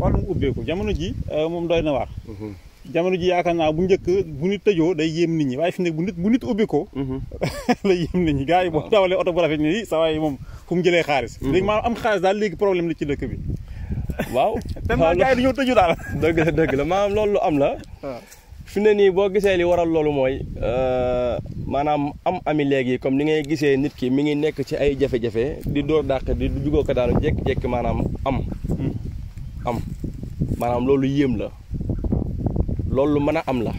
wàllum ubbeeku jamono ji euh, moom doy na waa mhm. jamono ji yaakaar naa bu njëkk bu nit tëjoo day yéem nit ñi waaye fi ne bu nit bu nit ubbi ko. Mhm. day yéem nit ñi gars yi boo dawalee oto bu rafet nii saa waay moom fu mu jëlee xaalis. Mhm. léegi maanaam am xaalis daal léegi problème la ci dëkk bi waaw. te maa gars yi dañoo tëju daal. dëgg la dëgg la maanaam loolu lu am la. fi ne nii boo gisee li waral loolu mooy euh, maanaam am ami léegi comme ni ngay gisee nit ki mi ngi nekk ci ay jafe-jafe di dóor dàq di jugoo ko daal jékki-jékki maanaam am hmm. am maanaam loolu yéem la loolu mën a am la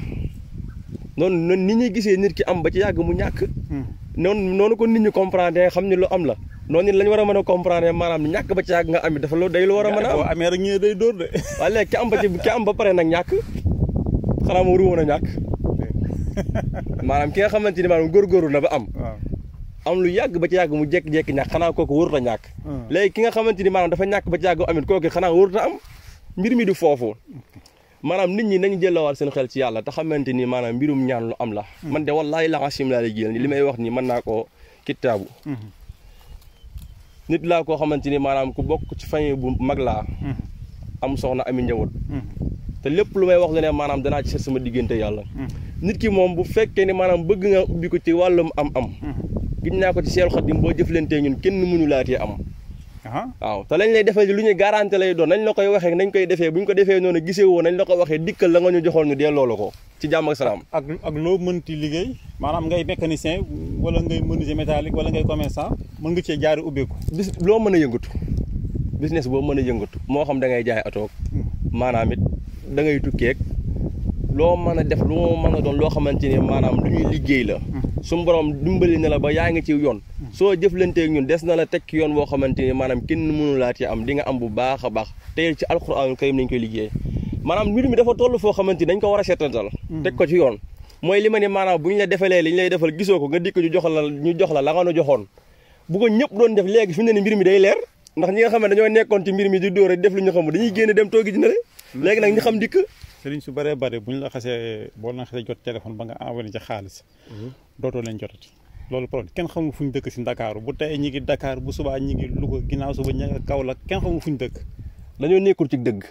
noonu noonu ni ñuy gisee nit ki am ba ci yàgg mu ñàkk hmm. noonu noonu ko nit ñi comprendre xam ni lu am la noonu it lañ war a mën a comprendre maanaam ñàkk ba ci yàgg nga am it dafa loolu day lu war a mën a am amee rek ñu day dóor de waaye léegi ki am ba ci pare nag ñàkk xanaa moo waru woon a ñàkk maanaam ki nga xamante ni maanaam góorgóorlu na ba am am lu yàgg ba ci yàgg mu jékki-jékki ñàkk xanaa kooku warut a ñàkk hmm. léegi ki nga xamante ni maanaam dafa ñàkk ba ci yàgg amit kooku xanaa warut a am mbir mi du foofu maanaam nit ñi nañu jëllawaat seen ci yàlla te xamante ni maanaam mbirum ñaan lu am la hmm. man de wallaahi la asim laa lay jël li may wax ni mën naa koo kitaabu hmm. laa koo xamante ni maanaam ku bokk ci famille bu mag laa am soxna ami njaboot te lépp lu may wax nga ne maanaam danaa ci seet sama diggante yàlla hmm. nit ki moom bu fekkee ni maanaam bëgg nga ubbi ko ci wàllum am am hmm. gis naa ko ci Seex Xaadim boo jëflantee ñun kenn mënu laatee am waaw te lañ lay defee lu ñuy garanti lay doon nañ la koy waxee nañ koy defee bu ñu ko defee noonu gisee woon nañ la ko waxee dikkal la nga ñu joxoon ñu delloo la ko ci jàmm ak salaam ak ak loo mënti liggéey maanaam ngay mécanicien wala ngay menuisier métallique wala ngay commerçant mën nga cee jaari ubbeeku loo mën a yëngatu business boo mën a yëngatu moo xam da ngay jaay atoog hmm. maanaam it da ngay tukkeeg loo mën a def loo mën a doon loo xamante ni maanaam lu ñuy liggéey la hmm. suñu borom dimbali na la ba yaa ngi ci yoon hmm. soo jëflanteeg ñun des na la teg yoon boo xamante ni maanaam kenn mënu laa ci am di nga am bu baax a baax tey ci alxuraan karim nañ koy liggéey maanaam mbir mi dafa toll foo xamante ni dañ ko war a seetantal hmm. teg ko ci yoon mooy li ma ni maanaam bu ñu la defalee li ñu lay defal gisoo ko nga dikk ñu jox la ñu jox la la nga nu joxoon bu ko ñëpp doon def léegi fi mu ne ni mbir mi day leer ndax ñi nga xam ne dañoo nekkoon ci mbir mi di dóor def lu ñu xamul dañuy génn dem toogi ji na le légui nak ñu xam dik sëriñ su bare bare buñ la xasse bo na xasse jot téléphone ba nga envoyé ci xaaliss mhm. doto leen jotati lolu problème kenn xamul fuñ dëkk ci Dakar bu tay ñi ngi Dakar bu suba ñi ngi Louga ginaaw suba ñi nga kaw la xamul fu fuñ dëkk dañu nekkul ci dëgg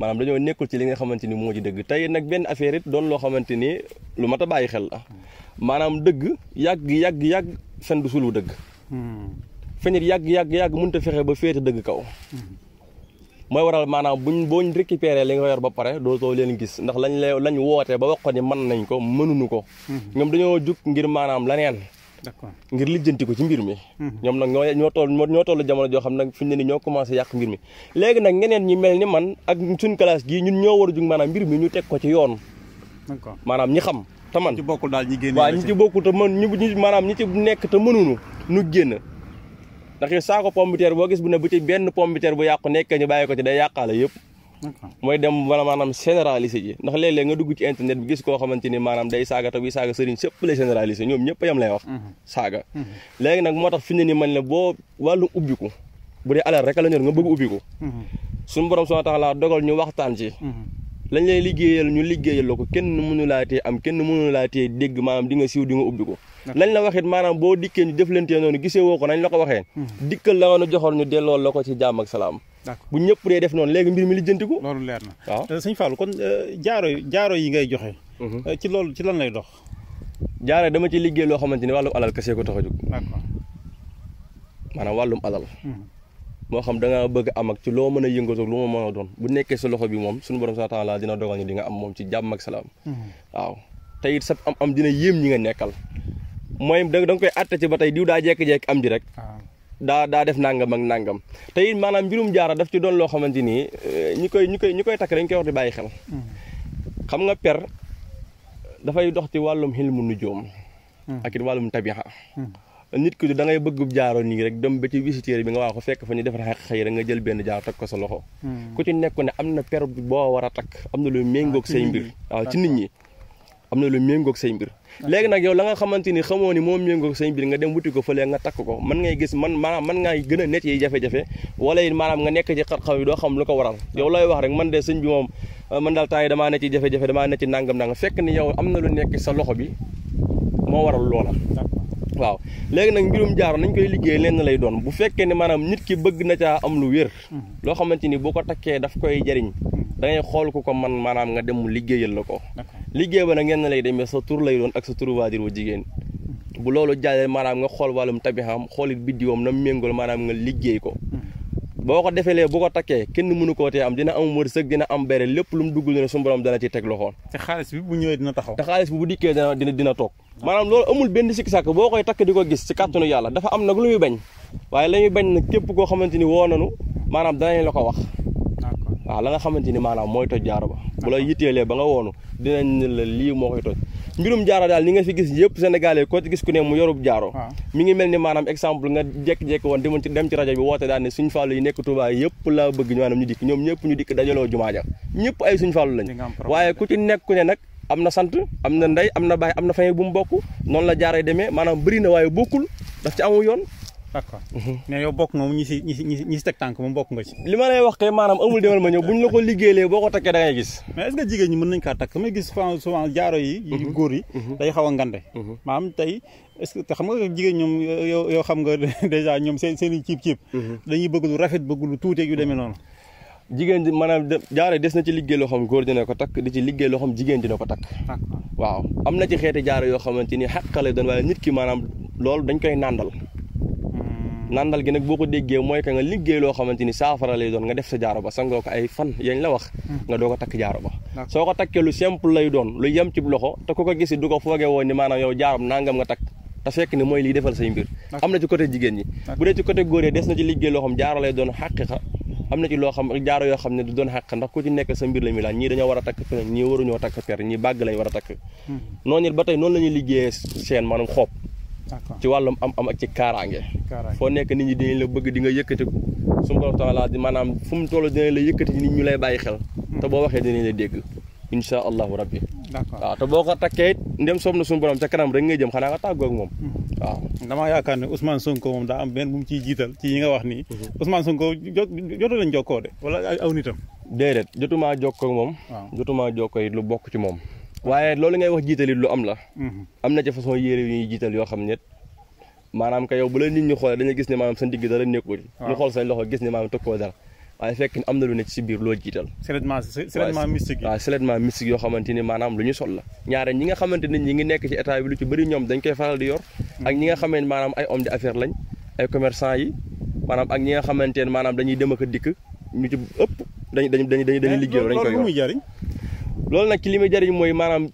manam dañu nekkul ci li nga xamanteni mo ci dëgg tay nak ben affaire it doon lo xamanteni lu mata bayyi xel la manam dëgg yag yag yag fen du sulu dëgg hmm it yag yag yag mënut a fexe ba fété dëgg kaw hmm. mooy waral maanaam buñ booñ récupéré li nga yor ba pare dootoo leen gis ndax lañ la lañ wootee ba wax ko ni mën nañ ko mënuñu ko mhm. ñoom dañoo jug ngir maanaam laneen d'accord ngir lijjanti ko ci mbir mi mhm. ñoom nag ñoo ñoo toll ñoo toll jamono joo xam nag fi ñu ne ni ñoo commencé mbir mi léegi nag ñeneen ñi mel ni man ak suñ classe gii ñun ñoo war a jug maanaam mbir mi ñu teg ko ci yoon maanaam ñi xam te man waaw ñi ci bokkul te mën ñu maanaam ñi ci nekk te mënuñu nu génn ndax saako pombiteer boo gis bu ne bu ci benn pombiteer bu yàqu nekk ñu bàyyi ko ci day yàqaale yëpp mooy dem wala maanaam généraliser ji ndax léeg-léeg nga dugg ci internet bi gis koo xamante ni maanaam day saaga te buy saaga sëriñ sëpp lay généraliser ñoom ñëpp yam lay wax mhm. saaga mhm. léegi nag moo tax fi ne ni man la boo wàllu ubbiku bu dee alal rek la ñor nga bëgg ko mhm. suñu borom soo tax laa dogal ñu waxtaan ci lañ lay liggéeyal ñu liggéeyal ko kenn mënu laa am kenn mënu laa tee dégg maanaam di nga siiw di nga ubbiku lañ la waxit maanaam boo dikkee ñu jëflantee noonu gisee ko nañ la ko waxee hmm. dikkal la nga nu joxoon ñu delloo la ko ci jàmm ak salaam bu ñëpp dee def noonu léegi mbir mi lijjantiku loolu leer na waaw euh, sëñ Fallou kon euh, jaaro jaaro yi ngay joxe mhm. euh, ci loolu ci lan lay dox jaaro dama ci liggéey loo xamante ni wàllum alal kese ko tax a maanaam wàllum alal hmm. moo xam da bëgg am ak ci loo mën a yëngatu lu ma mën a doon sa loxo bi moom suñu borom sa taala dina dogal di nga am moom ci jàmm ak salaam hmm. te it sa am am dina yéem ñi nga nekkal mooy da nga koy atte ci ba tey diw daa jékki-jékki am ji rek. Ah. daa daa def nangam ak nangam te maanaam mbirum jaara daf ci doon loo xamante ni eh, ñi koy ñi koy ñi koy takk dañ koy war di bàyyi xel. Hmm. xam nga per dafay dox ci wàllum nu nujoom. Hmm. ak it wàllum tabixa. Hmm. nit ki da ngay bëgg jaaro nii rek dem ba ci visiteur bi nga waa ko fekk fa ñu defar xëy rek nga jël benn jaaro takk ko sa loxo. ku ci nekk ne am na per boo war a takk am na lu méngoog ah, say mbir. ci nit ñi. am na lu méngoog say mbir léegi nag yow la nga xamante ni xamoo ni moom méngoog say mbir nga dem wuti ko fële nga takk ko man ngay gis man maanaam man ngay gën a net yi jafe-jafe wala it maanaam nga nekk ci xat yi doo xam ko waral yow looy wax rek man de sëñ bi moom euh, man daal temps yi damaa ne ci jafe-jafe ci nangam nangam fekk yow am na lu nekk sa loxo bi moo waral loola waaw léegi nag mbirum jaaro nañ koy liggéey lenn lay doon bu fekkee ne maanaam nit ki bëgg na caa am lu wér hmm. loo xamante ni boo ko takkee daf koy jariñ hmm. da ngay xool ku ko man maanaam nga dem mu liggéeyal la ko liggéey ba na ngeen lay demee sa tur lay doon ak sa turu waajur wu jigéen bu loolu jàllee maanaam nga xool wàllum tabixam xoolit biddiwam na méngool maanaam nga liggéey ko boo ko defeelee bu ko takkee kenn mënu koo tee am dina am wërsëg dina am bere lépp lu mu dugg dina suñu borom dana teg loxoon te xaalis bi bu ñëwee dina taxaw xaalis bi bu dikkee dina dina dina toog maanaam loolu amul benn sikki sàkk boo koy takk di ko gis ci kàttanu yàlla dafa am nag lu muy bañ waaye la bañ nag képp koo xamante ni woo nanu maanaam danañ la ko wax waaw la nga xamante ni maanaam mooy toj jaaro ba bu la yitteelee ba nga woonu dinañ la lii moo koy toj mbirum jaaro daal ni nga fi gis yëpp sénégalais ko ci gis ku ne mu yorub jaaro mu ngi mel ni maanaam exemple nga jékki-jékki woon demoon ci dem ci rajo bi woote daal ne suñ fàllu yi nekk Touba yëpp laa bëgg maanaam ñu dikk ñoom ñëpp ñu dikk dajaloo jumaa ja ñëpp ay suñ fàllu lañ waaye ku ci nekk ku ne nag am na sant am na ndey am na baay am na fay bu mu bokk la jaaree demee maanaam bëri na waaye bokkul daf ci amu d'accord mais yow bokk nga mu ñi si ñi si ñi si teg tànk moom bokk nga ci li ma lay wax kay maanaam amul demal ma ñëw buñ la ko liggéeylee boo ko takkee da gis mais est jigéen ñi mën nañ kaa takk damay gis souvent jaaro mhm. mhm. mhm. xam nga jigéen ñoom yow yow xam ñoom seen seen i ciib-ciib dañuy bëgg lu rafet bëgg lu tuuteeg yu demee noonu jigéen ji maanaam jaaro des na ci liggéey loo xam góor dina ko takk di ci liggéey loo xam jigéen dina ko takk waaw am na ci xeeti jaaro yoo xamante ni xàqale doon waaye nit ki maanaam loolu dañ koy nàndal nandal gi nag boo ko déggee mooy que nga liggéey loo xamante ni saafara lay doon nga def sa jaaro ba sangoo ko ay fan yañ la wax hmm. nga doo ko takk jaaro ba soo ko takkee lu simple lay doon lu yem ci loxo te ku ko gisi du ko foogee woon ni maanaam yow jaarom nangam nga takk fekk ni mooy liy defal say mbir am na ci côté jigéen ñi bu dee ci côté góor des na ci liggéey loo xam jaaro lay doon xaqiqa am na ci loo xam jaaro yoo xam ne du doon xàq ndax ko ci nekk sa mbir la mi laaj ñii dañoo war a takk per ñii waruñoo takk per ñii bàgg lañ war a takk hmm. noonu it ba tey noonu la ñuy liggéeyee seen maanaam xoob ci wàllum am am ak ci kaaraange foo nekk ni ñi dinañ la bëgg di nga yëkkatiku suñu borom taala di maanaam fu mu toll dinañ la yëkkati nit ñu lay bàyyi xel hmm. te boo waxee dinañ la dégg insha allahu rabbi waaw te boo ko takkee it ndem soob na suñu borom ca kanam rek ngay jëm xanaa nga tàggoog moom hmm. waaw damaa yaakaar ne Ousmane Sonko moom daa am benn bu mu ciy jiital ci yi nga wax nii hmm. Ousmane Sonko jotu lañ jokkoo de wala aw nitam déedéet jotumaa jokkoo moom jotumaa jokkoo it lu bokk ci moom waaye loolu ngay wax jiitalit lu am la mhm. amna ci façon yére yu ñuy jiital yoo xam ne ka yow bu la nit ñi xol dañu gis ni manam sa digg dara nekkul ñu xol sa loxo gis ni manam tokko dara waye fekk ni amna lu nekk ci biir loo jiital seulement mystique waaw seulement mystique yo xamanteni manam maanaam lu ñu sol la ñaara ñi nga xamanteni ñi ngi nekk ci état bi lu ci bari ñom dañ koy faral di yor ak ñi nga mhm. xamanteni manam ay homme d'affaires lañ ay commerçant yi manam ak ñi nga xamanteni manam dañuy dem ak dikk ñu ci ëpp dañ dañ dañ dañ liggéey dañ koy wax loolu nag ci li muy jëriñ mooy maanaam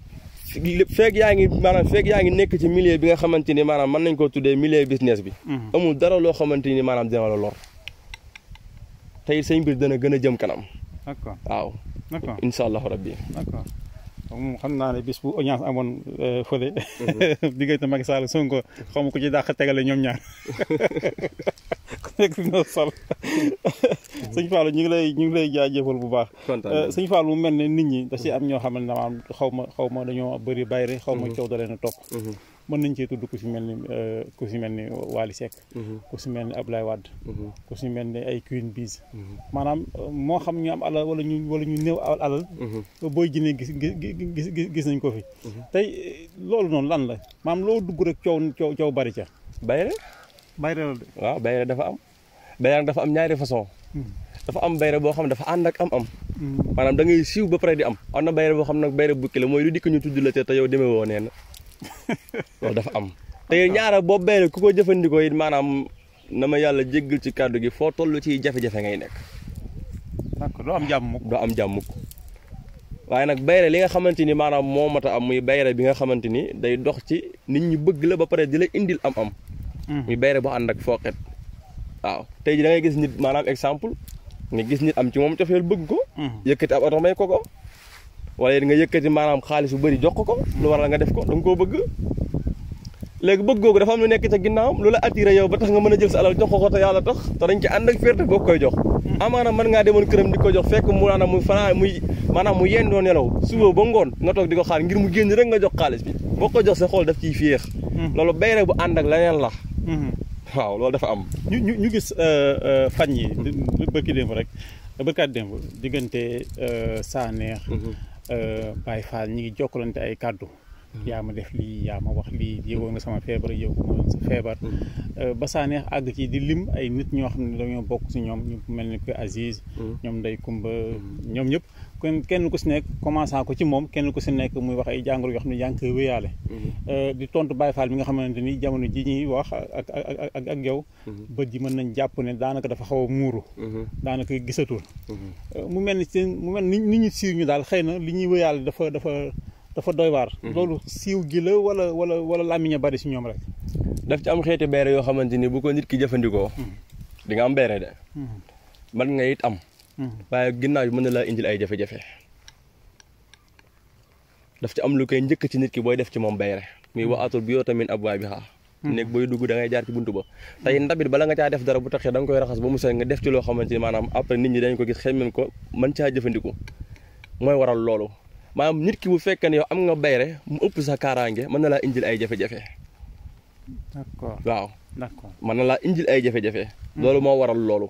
feeg yaa ngi maanaam feeg yaa ngi nekk ci milieu bi nga xamante ni maanaam mën nañ koo tuddee milieu business bi mhm. amul dara loo xamante ni maanaam dina la lor tey say mbir dana gën a jëm kanam d'accord waaw d'accord incha allahu rabbi moom xam naa ne bis bu audience amoon euh, fële mhm. diggante Macky Sall Sonko xaw ma ko ci dàq tegale ñoom ñaar ku nekk si mhm. sëñ Fallou ñu ngi lay ñu ngi lay jaajëfal bu baax euh, sëñ Fallou mu mel ne nit ñi da si mhm. am ñoo xam ne maanaam xaw ma xaw ma dañoo bëri bayre xaw ma coow da leen a topp mën nañ cee tudd ku si mel ni euh, ku si mel ni Wally Seck mhm. ku si mel ni ab Abdoulaye Wade mhm. ku si mel ni ay Queen Biz mhm. maanaam euh, moo xam ñu am alal wala ñu new ñu néew alal booy jinne gis gis gis nañ ko fi tey loolu noonu lan la maam loo dugg rek coow coow coow bari ca bayre bayre la de waaw bayre dafa am bayre dafa am ñaari façon dafa am bayre boo xam ne dafa ànd ak am am maanaam da ngay siiw ba pare di am am na bayre boo xam nag bayre bukki la mooy lu dikk ñu tudd la te yow demee woo nee na loolu dafa am te ñaara boo benn ku ko jëfandikoo it maanaam na ma yàlla jéggal ci kàddu gi foo toll ci jafe-jafe ngay nekk. d'accord doo am jàmm mukk doo am jàmm mukk waaye nag bayre li nga xamante ni maanaam moo mat a am muy bayre bi nga xamante ni day dox ci nit ñi bëgg la ba pare di la indil am-am. Hmm. muy bayre boo ànd ak fooqet. waaw tey ji da ngay gis nit maanaam exemple nga gis nit am ci moom cofeel bëgg ko. Hmm. yëkkati ab oto may ko ko. wala nga yëkkati maanaam xaalis bu bëri jox ko ko lu waral nga def ko danga koo bëgg léegi bëgg googu dafa am lu nekk ca ginnaawam lu la attiré yow ba tax nga mën a jël sa alal jox ko ko te yàlla tax te dañ ci ànd ak fierté koy jox amaana mën ngaa demoon këram di ko jox fekk mu naana muy fanaa muy maanaam mu yendoo nelaw suba ba ngoon nga toog di ko xaar ngir mu génn rek nga jox xaalis bi boo ko jox sa xool daf ciy féex hmm. loolu bay rek bu ànd ak leneen la hmm. waaw loolu dafa am ñu ñu gis euh, euh, fan yi hmm. bërki démb rek bërkaat démb diggante euh, Sanekh Baye eh, Fall ñi ngi jokkalante ay kàddu hmm. ya ma def li ya ma wax li yego nga sama feebar yego nga sa feebar hmm. eh, ba sa neex ag ci di lim ay nit ñoo xamni ne dañoo bokk si ñoom ñu melni ni Aziz hmm. ñom day Kumba ñom ñep kenn kenn ku si nekk commençant ko ci moom kenn ku si nekk muy wax ay jàngoro yoo xam ne yaa ngi koy wéyaale mm-hmm. euh, di tontu Baye Fall mi nga xamante ni jamono ji ñuy wax ak ak yow mm-hmm. bët ji mën nañ jàpp ne daanaka dafa xaw a muuru mm-hmm. daanaka gisatul euh, mu mel ni seen mu mel ni nit ñi siiw ñu daal xëy na li ñuy wéyaale dafa dafa dafa doy waar loolu siiw gi la wala wala wala làmmiñ bari si ñoom rek daf ci am xeeti beere yoo xamante ni bu ko nit ki jëfandikoo di am beere de man nga it am waaye ginnaaw bi mën na laa indil ay jafe-jafe daf ci am lu koy njëkk ci nit ki booy def ci moom bayre muy waatul bi tamit ab waay bi xaa hmm. néeg booy dugg da ngay buntu ba tey ndabit bala nga caa def dara bu taxee da koy raxas ba mu set nga def ci loo xamante ni maanaam après nit ñi dañ ko gis xemmeem ko mën caa jëfandiku mooy waral loolu maanaam nit ki bu fekkee ne yow am nga bayre mu ëpp sa kaaraange mën na laa indil ay jafe-jafe d'accord waaw mën na laa indil ay jafe-jafe hmm. loolu moo waral loolu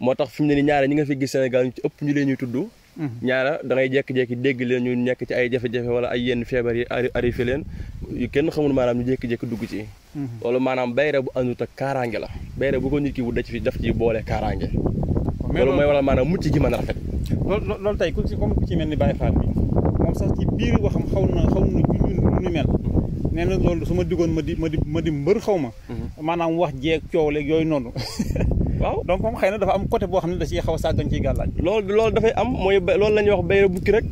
motax fimne ni ñaara ñi nga fi gis Sénégal ñu ci ëpp ñu leen ñuy tudd hmm. ñaara da ngay jek jek dégg leen ñu nekk ci ay jafé jafé wala ay yenn fièvre yi fi leen yu kenn xamul manam ñu jek jek dugg ci wala hmm. manam bayra bu andu ta kaaraange la bayra bu ko nit ki wu da ci fi daf ci boole kaaraange lolu mooy wala manam mucc gi mën rafet lolu tay ku ci comme ku ci melni Baye Fall bi mom sax ci biir waxam xawna na ci na ju ñu mel nee lolu suma digon ma di ma di mbeur xawma manam hmm. wax jeeg coow leeg yooyu waaw donc moom xëy na dafa am côté boo xam ne da ciy xaw a sàggan ciy gàllaaj loolu loolu dafay am mooy loolu la ñuy wax bayre bukki rek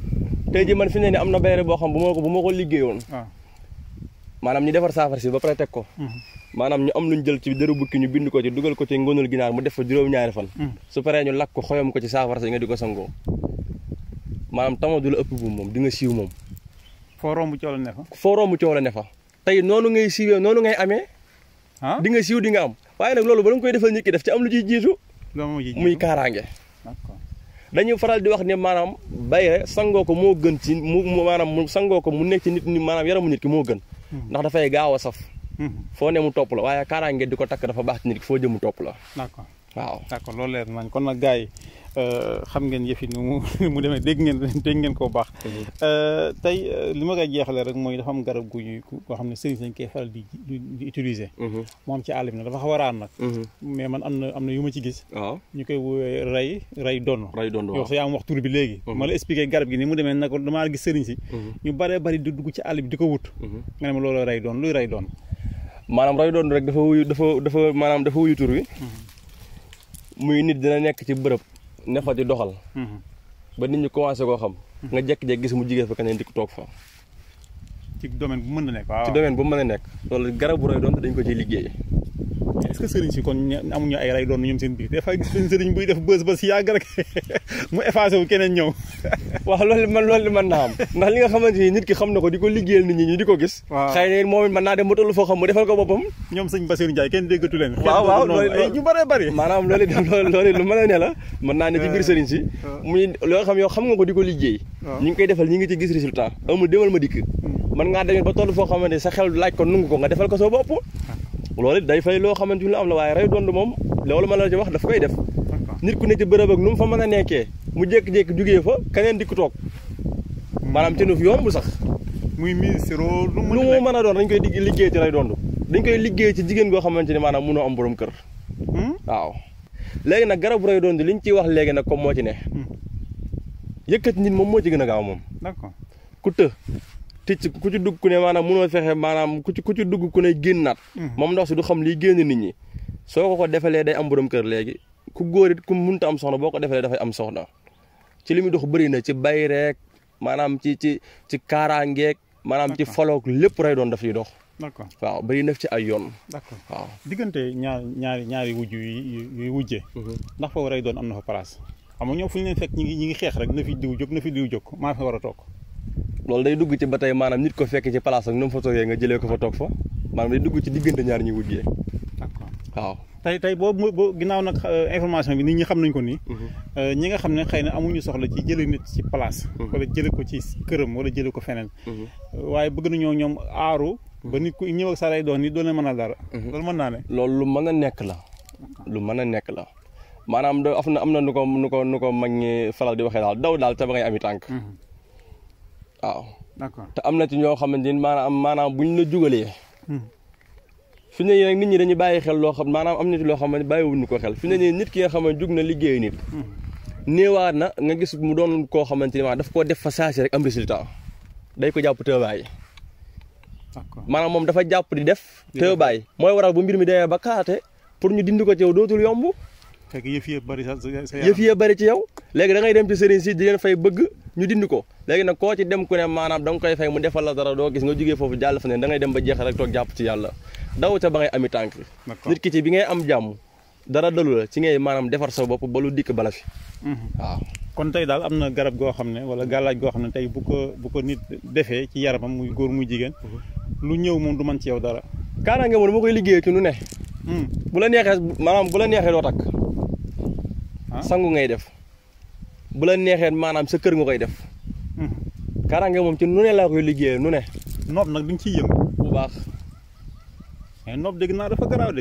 tey ji man fi ne ni am na bayre boo xam bu ma ko bu ma ko liggéeyoon ah. maanaam ñu defar saafara si ba pare teg ko mhm. maanaam ñu am lu ñu jël ci dëru bukki ñu bind ko ci dugal ko ci ngonul ginaar mu def fa juróom-ñaari fan mhm. su paree ñu lakk ko xoyam ko ci saafara si nga di ko sangoo maanaam tama du la ëpp bu moom di nga siiw moom foo romb coow la ne fa foo romb coow la ne fa tey noonu ngay siiwee noonu ngay amee di nga siiw di nga am waaye nag loolu ba nga koy defal nit ki def ci am lu ciy jiitu muy kaaraange dañu faral di wax ne maanaam bayre sangoo ko moo gën ci mu mu maanaam mu sangoo ko mu nekk ci nit ñi maanaam yaramu nit ki moo gën hmm. ndax dafay gaaw a saf hmm. foo ne mu topp la waaye kaaraange di ko takk dafa baax ci nit ki foo jëm mu topp la waaw d'accord loolu leer nañ kon nag gars euh, xam ngeen yëf yi mu mu demee dégg ngeen dégg ngeen koo baax. Euh, tey euh, li ma koy jeexalee rek mooy dafa am garab gu ñuy koo xam ne sëriñ dañ koy faral di di moom ci àll bi nag dafa xaw a nag. Mhm. mais man am na am na yu ma ci gis. ñu koy woowee rey rey donn. rey donn waaw yow sax yaa wax tur bi léegi. Mhm. ma la expliqué garab gi ni mu demee nag damaa gis sëriñ si. Mhm. ñu baree bari di dugg ci àll bi di ko wut. nga ne ma loolu ray donn luy rey donn. maanaam rey donn rek dafa wuyu dafa dafa maanaam dafa wuyu tur wi. muy nit dina nekk ci bërëb ne fa di doxal. Mm-hmm. ba nit ñi commencé koo xam. Mm-hmm. nga jekk jékki gis mu jigéen fa keneen di ko toog fa. ci domaine bu mën na nekk waaw ci domaine bu mën a nekk. loolu garabu roy doon dañ ko ciy liggéey est-ce que sëriñ si kon amuñu ay ray doon ñoom seen biir des fois gis nañ sëriñ buy def bës ba yàgg rek mu effacé wu keneen ñëw waaw loolu man naa am ndax li nga xamante ni nit ki xam na ko di ko liggéeyal nit ñu di ko gis xëy na moom it mën naa dem ko boppam ñoom sëñ Bassirou Ndiaye kenn déggatu leen waaw waaw loolu maanaam loolu loolu lu mën naa ne eh. eh. loo xam yow xam nga ko di ko liggéey eh. ñu ngi koy defal ñu ngi ci gis résultat amul demal ma dikk hmm. mën ngaa demee ba toll foo xamante sa xew laaj ko nungu ko nga defal ko sa bopp loolu day fay loo xamante lu am la waaye rey dond moom loolu ma la ci wax dafa koy def nit ku ne ci bërëb ak nu mu fa mën a nekkee mu jékki-jékki jugee fa keneen dikk toog hmm. maanaam te nu fi yomb sax muy ministre lu mu mën a doon dañ koy digg liggéey ci rey dond dañ koy liggéey ci jigéen goo xamante ni maanaam mënoo am borom kër hmm? waaw léegi nag garabu rey dond li ñu ciy wax léegi nag comme moo ci ne hmm. yëkkati nit moom moo ci na a gaaw moom ku të tëj ku ci dugg ku ne maanaam mënoo fexe maanaam ku ci ku ci dugg ku ne génnaat. Mm-hmm. moom ndox si du xam lii génn nit ñi. soo ko ko defalee day am borom kër léegi ku góor it ku munta am soxna boo ko defalee dafay am soxna ci li muy dox bëri na ci bay rek maanaam ci ci ci kaaraangeeg. maanaam ci faloog lépp rey doon daf yi dox. d'accord waaw bëri na ci ay yoon. d'accord waaw diggante ñaar ñaari ñaari wujj yu wujje mm-hmm. ndax foofu rey doon am na fa place xam nga ñu ngi ñi ngi xeex rek na fi diw fi diw jóg maa war a toog. loolu day dugg ci ba tey maanaam nit ko fekk ci place ak nu mu fa nga jëlee ko fa toog fa maanaam day dugg ci diggante ñaar ñuy wujjee. d'accord waaw. tey tey boobu boo ginnaaw nag euh, information bi nit ñi xam nañ ko nii. Mhm. Euh, ñi nga xam ne xëy na amuñu soxla ci jëlee nit ci place. Mhm. wala jëlee ko ci këram wala jëlee ko feneen. Mhm. Euh, waaye bëgg nañoo ñoom aaru. ba nit ku ñëw ak sa lay doon ni na mën a dara. loolu mën naa ne. loolu lu mën a nekk la. lu mën a nekk la. maanaam da am na am na nu ko nu ko nu ko mag ñi faral di waxee daal daw daal te ba ami tànk waaw. d'accord te am na ci ñoo xamante ni maanaam maanaam ñu la jugalee. Hmm. fi ne nii nit ñi dañuy bàyyi xel loo xam maanaam am na ti loo xam ne bàyyiwuñu ko xel fi ne nit ki nga xam ne jug na liggéey nit. Hmm. néewaat na nga gis mu doon koo xamante ni maanaam daf koo def fa saa si rek am résultat day ko jàpp tëbaay. maanaam moom dafa jàpp di def. tëbaay mooy waral bu mbir mi demee ba kaate pour ñu dindi ko ci dootul yomb. fekk yëf yëf bari sa yëf yëf bari ci yow léegi da dem ci sëriñ si di leen fay bëgg ñu dindi ko léegi nag koo ci dem ku ne maanaam danga koy fay mu defal la dara doo gis nga jógee foofu jàll fa ne da ngay dem ba jeexal rek toog jàpp ci yàlla daw ca ba ngay ami tànk nit ki ci bi ngay am jàmm dara dalu la ci ngay maanaam defar sa bopp ba lu dikk bala fi mhm. waaw kon tey daal am na garab goo xam ne wala gàllaaj goo xam ne tey bu ko bu ko nit defee ci yaramam muy góor muy jigéen mhm. lu ñëw moom du man ci yow dara kaaraange moom dama koy liggéey nu ne mhm. bu la neexee maanaam bu la neexee doo takk sangu ngay def bu la neexee maanaam sa kër nga koy def hmm. kaaraange moom ci nu ne laa koy liggéeyee nu ne noob nag duñ ciy yëngu bu baax mais eh, noob dégg naa dafa garaaw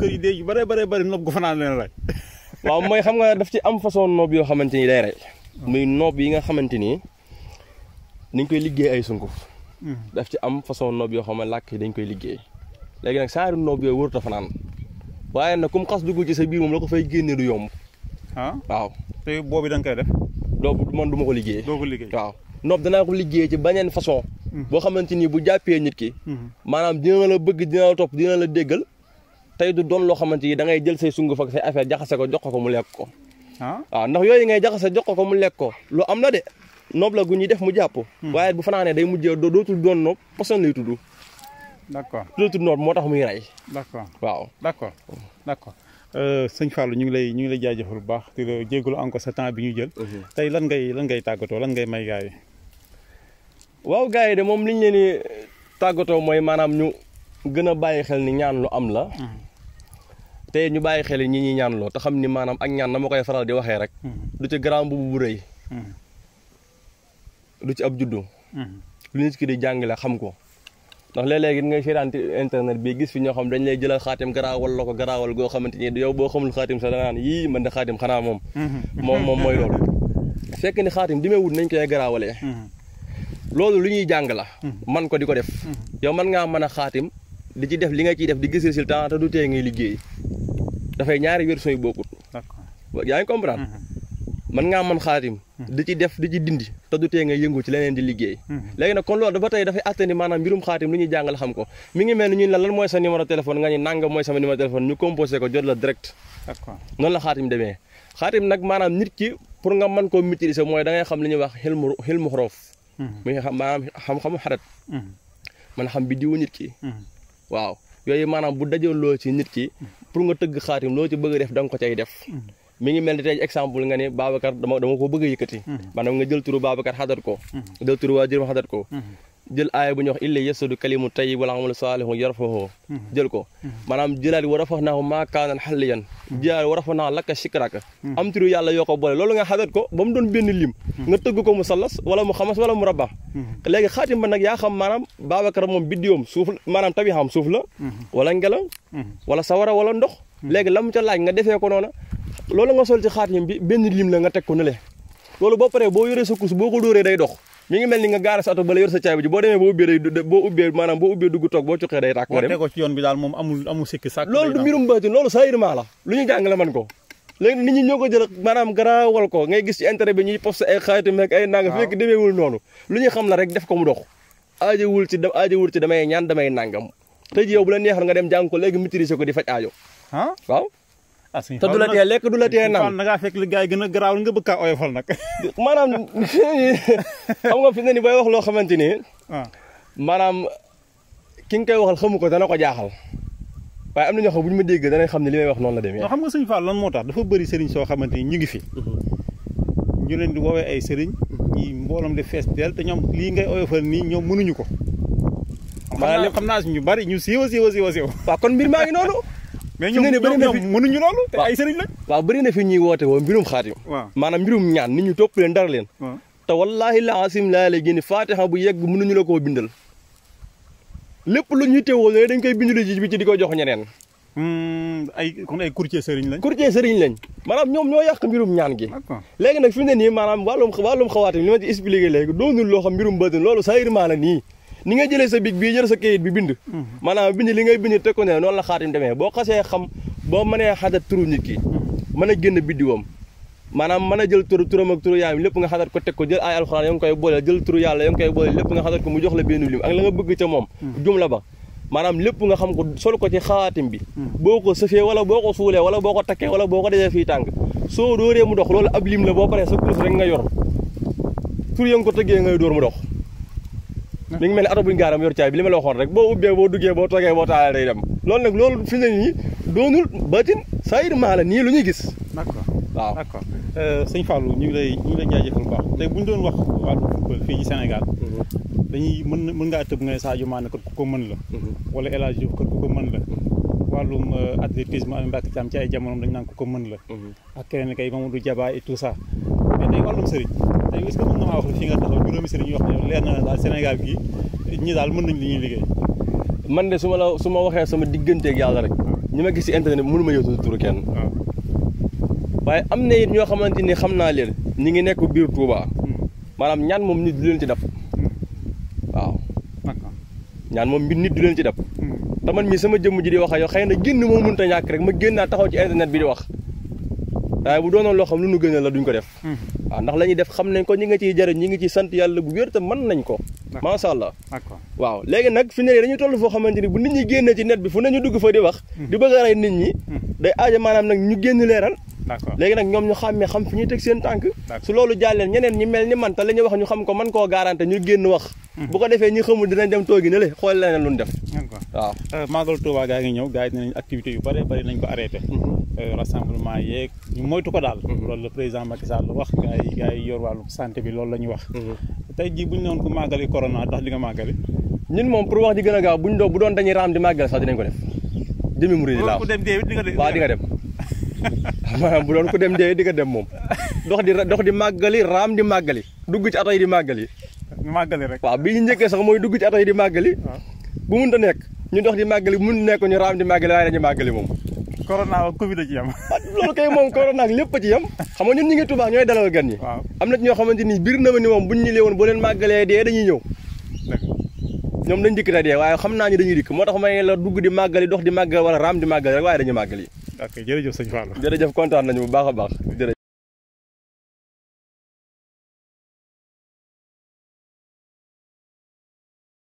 kër yi dee yu bare bare bare noob gu fanaan leen rey waaw xam nga daf ci am façon noob yoo xamante ni day rey hmm. muy noob yi nga xamante ni dañ koy liggéey ay sunguf hmm. daf ci am façon noob yoo xam ne làkk yi dañ koy liggéey léegi nag saaru noob yooyu wërta fanaan waaye nag comme xas dugg ci sa biir moom la ko fay génnee du yomb ah waaw te boobu da koy def doobu man du ma ko liggéey doo ko liggéey waaw noob danaa ko liggéey ci beneen façon hmm. boo xamante ni bu jàppee nit ki hmm. maanaam dina la bëgg dina la topp dina la déggal tey du doon loo xamante ni da ngay jël say sunguf ak say affaire jaxase ko jox ko mu lekk ko ah? waaw ndax yooyu ngay jaxase jox ko ko mu lekk ko lu am na de noob la gu ñuy def mu jàpp hmm. waaye bu fanaanee day mujjee dootul doon noob poson lay tudd d' accord dootul noob moo tax muy rey d' accord waaw accord d' Euh, sëñ Fallou ñu ngi lay ñu ngi lay jaajëfal bu baax di la jégalu sa temps bi ñu jël. Mhm. tey lan ngay lan ngay tàggatoo lan ngay may gars waaw gars yi de moom liñ leen di tàggatoo mooy maanaam ñu gën a bàyyi xel ni ñaan lu am la. Mhm. te ñu bàyyi xel ñi ñuy ñaan loo te xam ni maanaam ak ñaan na ma koy faral di waxee rek. Mhm. du ci grand bu bu rëy. du ci ab juddu. lu nit ki di jàngale xam ko. ndax léeg-léeg ngay seetaan internet bi gis fi ñoo xam dañ lay jëlal xaatim garaawal la ko garaawal goo xamante ni yow boo xamul xaatim sax danaan yii man de xaatim xanaa moom mm-hmm. moom moom mooy loolu fekk ni xaatim dimeewut nañ koy garaawalee mm-hmm. loolu lu ñuy jàng la mm-hmm. man ko di ko def yow man ngaa mën a xaatim di ci def li nga ciy def di gis résultat te du tee ngay liggéey dafay ñaari version yu bokkut yaa ngi comprendre mën ngaa mën xaatim di ci def di ci dindi te du tee nga yëngu ci leneen di liggéey hmm. léegi nag kon loolu dafa tey dafay atte ni maanaam mbirum xaatim lu ñuy jàngal xam ko mi ngi mel ni ñun la lan mooy sa numéro téléphone nga ñu nangam mooy sama numéro ko jot la direct noonu la xaatim demee xaatim nag maanaam nit ki pour nga mën koo maîtriser mooy da ngay xam li ñuy wax xilmu xilmu xuroof hmm. xam maanaam xam-xamu xarat hmm. man xam bi diwu nit ki waaw yooyu maanaam bu dajoon loo ci nit ki pour nga tëgg xaatim loo ci bëgg def da nga ko mi ngi mel ni tey exemple nga ne baaba dama dama ko bëgg a yëkkati mhm. maanaam nga jël turu Babacar xadar ko mhm. jël turu waa jërëm xadar ko mhm. jël aaya bu ñuy wax illa yasudu kalimu tayyib wala amalu saalihu yarfahu jël ko maanaam jëlaat wa rafaxnaahu maa kaanan xalliyan jëlaat wa rafaxnaa laka shikraka am turu yàlla yoo ko boole loolu nga xadat ko ba mu doon benn lim nga tëgg ko mu sallas wala mu xamas wala mu rabba léegi xaatim ba nag yaa xam maanaam Babacar moom biddiwam suuf maanaam tabi xam suuf la wala ngelaw wala sawara wala ndox léegi la mu ca laaj nga defee ko noona loolu nga sol ci xaat ñam bi benn lim la nga teg ko nële loolu boo paree boo yoree sa kus boo ko dóoree day dox mi ngi mel ni nga gaara sa bala yor sa caabi ji boo demee boo ubbee day boo ubbee maanaam boo ubbee dugg toog boo cuqee day tàkk nga dem ko ci yoon bi daal moom amul amul sikki sàkk loolu du mbirum baatin loolu saayirmaa la lu ñu jàng la man ko léegi nit ñi ñoo ko jël maanaam garaawal ko ngay gis ci intérêt bi ñuy poste lu ñuy xam la rek def ko mu dox aajowul ci aajowul ci damay ñaan damay nàngam tey ji yow bu la neexal nga dem jàng ko léegi maîtriser ko di faj aajo waaw te du la tee lekk du la tee naan da ngaa fekk li gars yi gën a garaaw nga bëgg kaa oyofal nag. maanaam ni bay wax loo xamante ni. Ah. maanaam ki nga koy waxal xamu ko dana ko jaaxal. waaye am na ñoo xam bu ñu ma dégg xam ne li may wax noonu la demee. xam nga sëñ Fall lan moo tax dafa bëri sëriñ soo xamante ni ñu ngi fi. Mhm. ñu leen di woowee ay sëriñ. Mhm. ñi mbooloom di fees del te ñoom lii ngay oyofal nii ñoom mënuñu ko. maanaam xam naa si ñu bari ñu siiwa siiwa siiwa siiwa. waaw kon mbir maa ngi noonu mais ñoom ñoom mënuñu loolu te ay sëriñ la waaw bëri na fi ñuy woote woo mbirum xaatim maanaam mbirum ñaan ni ñu topp leen dara leen te wallaahi la asim laa lay génne faatixa bu yegg mënuñu la koo bindal lépp lu ñuy teewoo léegi dañ koy bindal ji bi ci di ko jox ñeneen hmm, ay kon ay courtier sëriñ lañ courtier sëriñ lañ maanaam ñoom ñoo yàq mbirum ñaan gi léegi nag fi mu ne nii maanaam wàllum wàllum xawaatim li ma ci expliqué léegi doonul loo xam mbirum bëtin loolu sayirmaa la nii ni nga jëlee sa big bii jël sa kayit bi bind mhm. maanaam bind li bi bind teg ko ne noonu la xaatim demee boo xasee xam boo mënee xadat turu nit ki mhm. mën a génn biddiwam maanaam mën a jël tur turam ak turu yaayam lépp nga xadat ko teg ko jël ay alxuraan yo ngi koy boole jël turu yàlla yo ngi koy boole lépp nga xadat ko mu jox la benn lim ak la nga bëgg ca moom mhm. jumla ba maanaam lépp nga xam ko sol ko ci xaatim bi boo ko sëfee wala boo ko suulee wala boo ko takkee wala boo ko dajee fii tàng soo dóoree mu dox loolu ab lim la boo paree sa rek nga yor tur yo ko tëggee ngay dóor mu dox mi ngi mel ni oto buñ gaaram yor caay bi li ma la rek boo ubbee boo duggee boo toogee boo taalee day dem loolu nag loolu fi ne nii doonul batin sayir maa la nii lu ñuy gis d'accord waaw d'accord euh, sëñ Fallou ñu ngi lay ñu ngi lay jaajëfal bu baax tey bu ñu doon wax wàllu football fii ci Sénégal mhm. dañuy mën mën ngaa tëb nga Sadio Mané ko ku ko mën la mhm. wala El Hadji Diouf kat ku ko mën la mhm. wàllum euh, athlétisme am Mbacke Thiam jamonoom dañ naan ku ko mën la ak keneen kay Mamadou Diaba et tout ça mais tey wàllum sëriñ léegi est-ce que mën nga maa wax fi nga taxaw juróomi sëriñ ñu daal mën nañ li ñuy liggéey man de su ma la su ma waxee sama digganteeg yàlla rek ñi ma gis ci internet mënu ma yóotu turu kenn am na it ñoo xamante ni xam naa leen ñi ngi nekk biir Touba hmm. maanaam ñaan moom nit du leen ci dab hmm. waaw ñaan moom mbir nit du leen ci dab hmm. te man mii sama jëmm ji di wax ak yow xëy na génn moo mënut te ñàkk rek ma génn naa taxaw ci internet bi di wax waaye bu doon loo xam lu nu gën la duñ ko def waaw ndax la ñuy def xam nañ ko ñi nga ciy jëriñ ñi ngi ci sant yàlla bu wér te mën nañ ko macha allah waaw léegi nag fi ne dañuy toll foo xamante ni bu nit ñi génne ci net bi fu ne ñu dugg fa di wax hmm. di bëgg a rey nit ñi hmm. day aaja maanaam nag ñu génn leeral léegi nag ñoom ñu xàmmee xam fi ñu teg seen tànk su loolu jàlleen ñeneen ñi mel ni man te la ñuy wax ñu xam ko man koo garanté ñu génn wax hmm. bu ko defee ñi xamul dinañ dem toogi ne le xool leneen lu ñu def waaw euh, màggal Tuubaa ngi ñëw gaa yi dinañ activité yu bare bari ko arrêté Euh, rassemblement yeeg ñu moytu ko daal mhm. loolu la président Macky Sall wax gars yi gars yi yor wàllu santé bi loolu la ñu wax mhm. tey jii bu ñu noon ko màggali corona ndax di nga màggali ñun moom pour wax ji gën a gaaw buñ doo bu doon dañuy raam di màggal sax dinañ ko def di nga dem maanaam bu doon ku dem dee di nga dem dox di dox di magali, ram di magali, dugg ci atay di magali, magali. rek waaw bi ñu njëkkee sax mooy dugg ci atay di magali, bu mun ta nekk ñu dox di magali, bu nekk ñu di magali waaye corona ak a ci ah, kay moom corona ak lépp ci yem xam nga ñun ñi ngi Touba ñooy dalal gan ñi. am na ci ñoo xamante ni biir na ma ni moom buñ ñu lee woon boo leen màggalee dee dañuy ñëw. ñoom dañ dikk te dee waaye xam naa ñu dañuy dikk moo tax may la dugg di màggali dox di màggal wala raam di màggal rek waaye dañuy màggali. ok jërëjëf sëñ Fallou. kontaan nañu bu baax a baax